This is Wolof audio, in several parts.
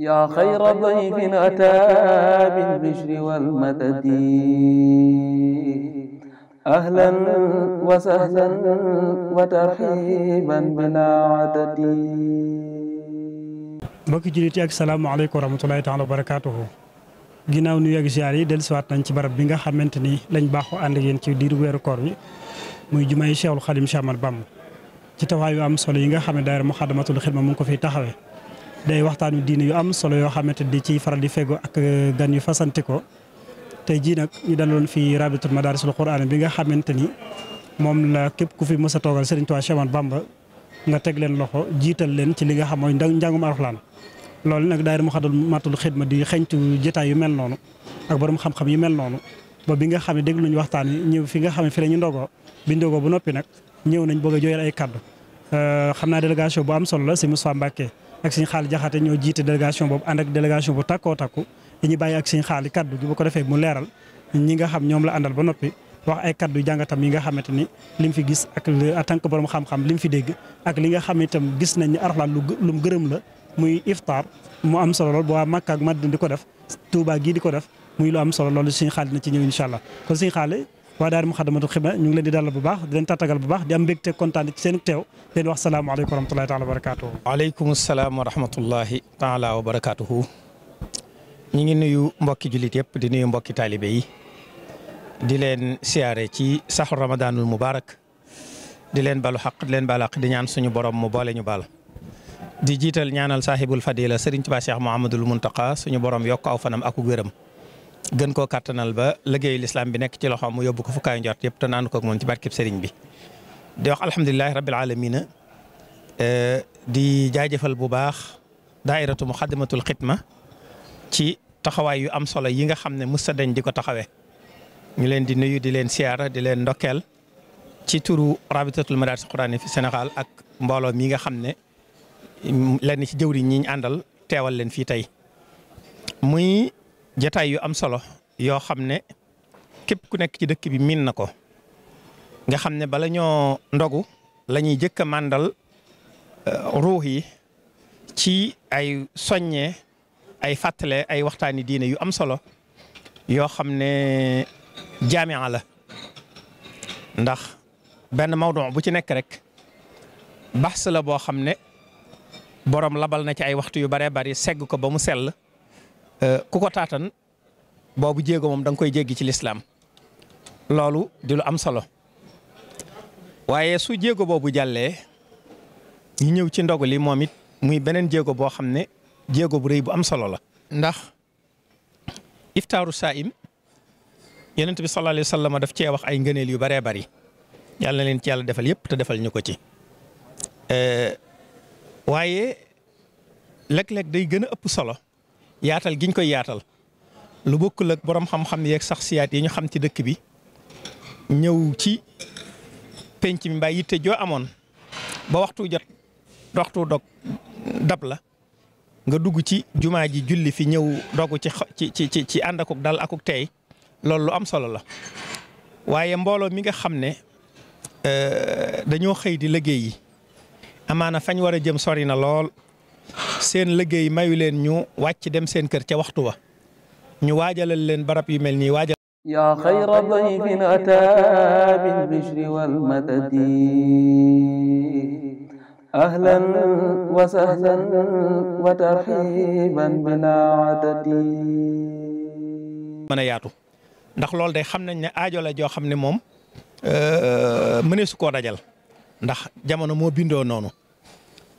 yaa xayra dayfin ataa bil bishri wal madadi ahlan wa sahlan wa tarxiiban bilaa adadi mbokki jullit yi ak wa rahmatulahi taala wa barakaatuhu ginnaaw nuyu ak ziar yi dellusiwaat nañ ci barab bi nga xamante ni lañ baaxoo ànd ak ci diiru weeru koor wi muy jumaay Cheikhul Xadim Cheikh Ahmadou Bamba ci taxawaay yu am solo yi nga xam ne daayira Muxaddamatul Xidma mu ngi ko fi taxawe day waxtaanu diine yu am solo yoo xamante di ciy faral di fego ak euh, gan yu fasante ko tey jii nag ñu daloon fi rabitul madarisul quran bi nga xamante ni moom la képp ku fi mës a toogal Serigne Touba Cheikh Ahmadou Bamba nga teg leen loxo jiital leen ci li nga xam mooy ndaw njàngum alxuraan loolu nag mu daayira Muxaddamatul Xidma di xeñtu jotaay yu mel noonu ak borom xam-xam yu mel noonu ba bi nga xam ne déglu nañu waxtaan wi ñëw fi nga xam ne fi la ñu ndogoo bi ndogoo bu noppi nag ñëw nañ bëgg a jooyal ay kaddu euh, xam naa délégation bu am solo la si Moussa Mbacke ak sëñ xaali jaxate ñoo jiite délégation boobu ànd ak délégation bu takkoo takku dañuy bàyyi ak sëñ xaali kaddu gi bu ko defee mu leeral ñi nga xam ñoom la àndal ba noppi wax ay kaddu jàngatam yi nga xamante ni lim fi gis ak en tant que borom xam-xam lim fi dégg ak li nga xam itam gis nañ ne Alxuraan lu mu gërëm la muy iftaar mu am solo lool bu waa Makka ak di ko def Tuubaa gii di ko def muy lu am solo lool sëñ xaali na ci ñëw incha allah kon sëñ xaali waa daal Moukhaddamatoul Khidma ñu ngi leen di dalal bu baax di leen tàttagal bu baax di am mbégte kontaan ci seen tew leen wax salaamaaleykum wa rahmatulahi taala wa barakaatuhu. waaleykum salaam wa rahmatulahi taala wa barakaatuhu. ñu ngi nuyu mbokki jullit yëpp di nuyu mbokki taalibe yi di leen siyaare ci saxu ramadaanul mubaarak di leen balu xaq di leen baal xaq ñaan suñu borom mu boole ñu baal. di jiital ñaanal saaxibul fadila Serigne Touba Cheikh Mouhamadul Muntaqa suñu borom yokk fanam aku wéram gën koo kattanal ba liggéeyu lislaam bi nekk ci loxoom mu yóbbu ko fu kaay njort yëpp te naanu koog moom ci barkeb sëriñ bi. di wax alhamdulilah rabbil aalamiina eh, di jaajëfal bu baax daairatu muxaddamatul xidma ci taxawaay yu am solo yi nga xam ne musta dañ di ko taxawe ñu leen di nuyu di leen siyaara di leen ndokkeel ci turu rabitatul madaaris quraani fi senegal ak mbooloo mi nga xam ne lenn ci jëwriñ ñi ñu àndal teewal leen fii tey jataay yu am solo yoo xam ne képp ku nekk ci dëkk bi miin na ko nga xam ne bala ñoo ndogu la ñuy jëkk a màndal euh, ruux yi ci ay soññe ay fàttale ay waxtaani diine yu am solo yoo xam ne jaamia la ndax benn mawdon bu ci nekk rek baxs la boo xam ne borom labal na ci ay waxtu yu baree bari segg ko ba mu sell Euh, ku ko taatan boobu jéego moom danga koy jéggi ci lislaam loolu di lu am solo waaye su jéego boobu jàllee ñu ñëw ci ndogu li moom it muy beneen jéego boo xam ne jéego bu réy bu am solo la. ndax iftaaru saa'im yonent bi sallallahu alayhi wa sallam daf cee wax ay ngëneel yu baree bari yàlla na leen ci yàlla defal yëpp te defal ñu ko ci. Euh, waaye léeg-léeg day gën a ëpp solo. yaatal giñ koy yaatal lu bokkul ak borom xam-xam yeeg sax siyaat yi ñu xam ci dëkk bi ñëw ci penc mi mbaa yitte joo amoon ba waxtu jot waxtu dog dab la nga dugg ci jumaa ji julli fi ñëw dogu ci ci ci ci ànd akuk dal akuk tey loolu lu am solo la waaye mbooloo mi nga xam ne euh, dañoo xëy di liggéey yi amaana fañ war a jëm sori na lool. seen liggéey mayu leen ñu wàcc dem seen kër ca waxtu wa ñu waajalal leen barab yu mel nii waajal yaa xayra dayfin ataa bil bishri wal madadi ahlan wa sahlan wa tarxiiban bilaa adadi mën a yaatu ndax loolu day xam nañ ne aajo joo xam ne moom euh, mëneesu koo dajal ndax jamono moo bindoo noonu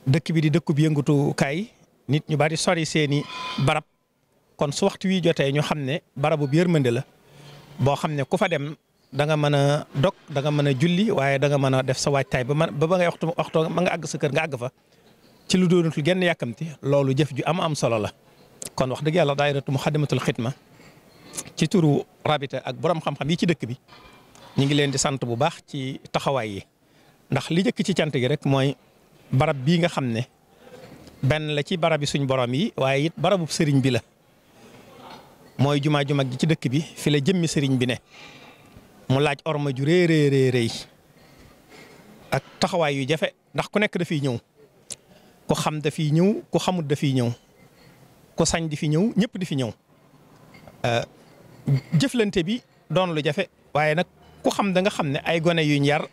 dëkk bi di dëkk bi yëngatu kaay nit ñu bari sori seeni barab kon su waxtu wi jotee ñu xam ne barabu bi yërmande la boo xam ne ku fa dem danga mën a dog danga mën a julli waaye da nga mën a def sa waajtaay ba ba ba ngay waxtu waxtu ma nga àgg sa kër nga àgg fa ci lu doonatul genn yàkkamti loolu jëf ju am am solo la kon wax dëgg yàlla daayiratu muxaddamatul xidma ci turu rabita ak boroom xam-xam yi ci dëkk bi ñu ngi leen di sant bu baax ci taxawaay yi ndax li jëkk ci cant gi rek mooy barab bii nga xam ne benn la ci barabi suñ borom yi waaye it barabu sëriñ bi la mooy jumaa ju mag ji ci dëkk bi fi la jëmmi sëriñ bi ne mu laaj orma ju rëy rëy ak taxawaay yu jafe ndax ku nekk dafiy ñëw ku xam dafiy ñëw ku xamut dafiy ñëw ku sañ di fi ñëw ñëpp di fi ñëw eh, jëflante bi doon lu jafe waaye nag ku xam da nga xam ne ay gone yuñ yar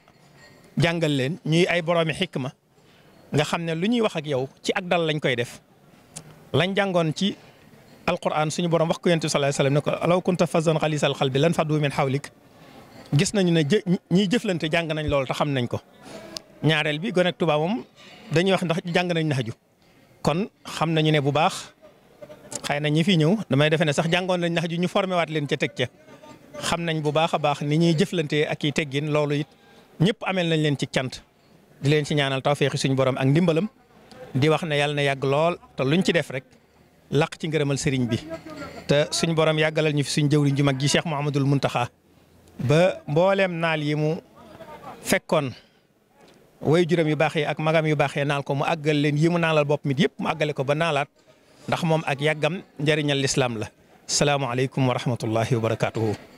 jàngal leen ñuy ay boroomi ma nga xam ne lu ñuy wax ak yow ci ak dal lañ koy def lañ jàngoon ci alquran suñu borom wax ko yonent bi sallallahu alayhi wasallam ne ko alaw kunta fazzan ghalisal qalbi lan faddu min gis nañu ne jë ñiy jëflante jàng nañ loolu te xam nañ ko ñaareel bi gone ak dañuy wax ndax jàng nañ naxju kon xam nañu ne bu baax xëy na ñi fi ñëw damay defe ne sax jàngoon nañ naxju ñu formé waat leen ca teg ca xam nañ bu baax a baax ni ñuy jëflante ak i teggin loolu it ñëpp amel nañ leen ci cant. di leen ci ñaanal tawféexi suñu borom ak ndimbalam di wax ne yàlla na yàgg lool te luñ ci def rek laq ci ngërëmal sëriñ bi te suñu borom yàggalal ñu fi suñu jëwriñ ju mag ji Cheikh Mouhamadul Mountakha ba mbooleem naal yi mu fekkoon way juram yu baax yi ak magam yu baax yi naal ko mu àggal leen yi mu naalal bopp mi yëpp mu àggale ko ba naalaat ndax moom ak yàggam njariñal lislaam la salaamaaleykum wa rahmatullahi wa barakaatuhu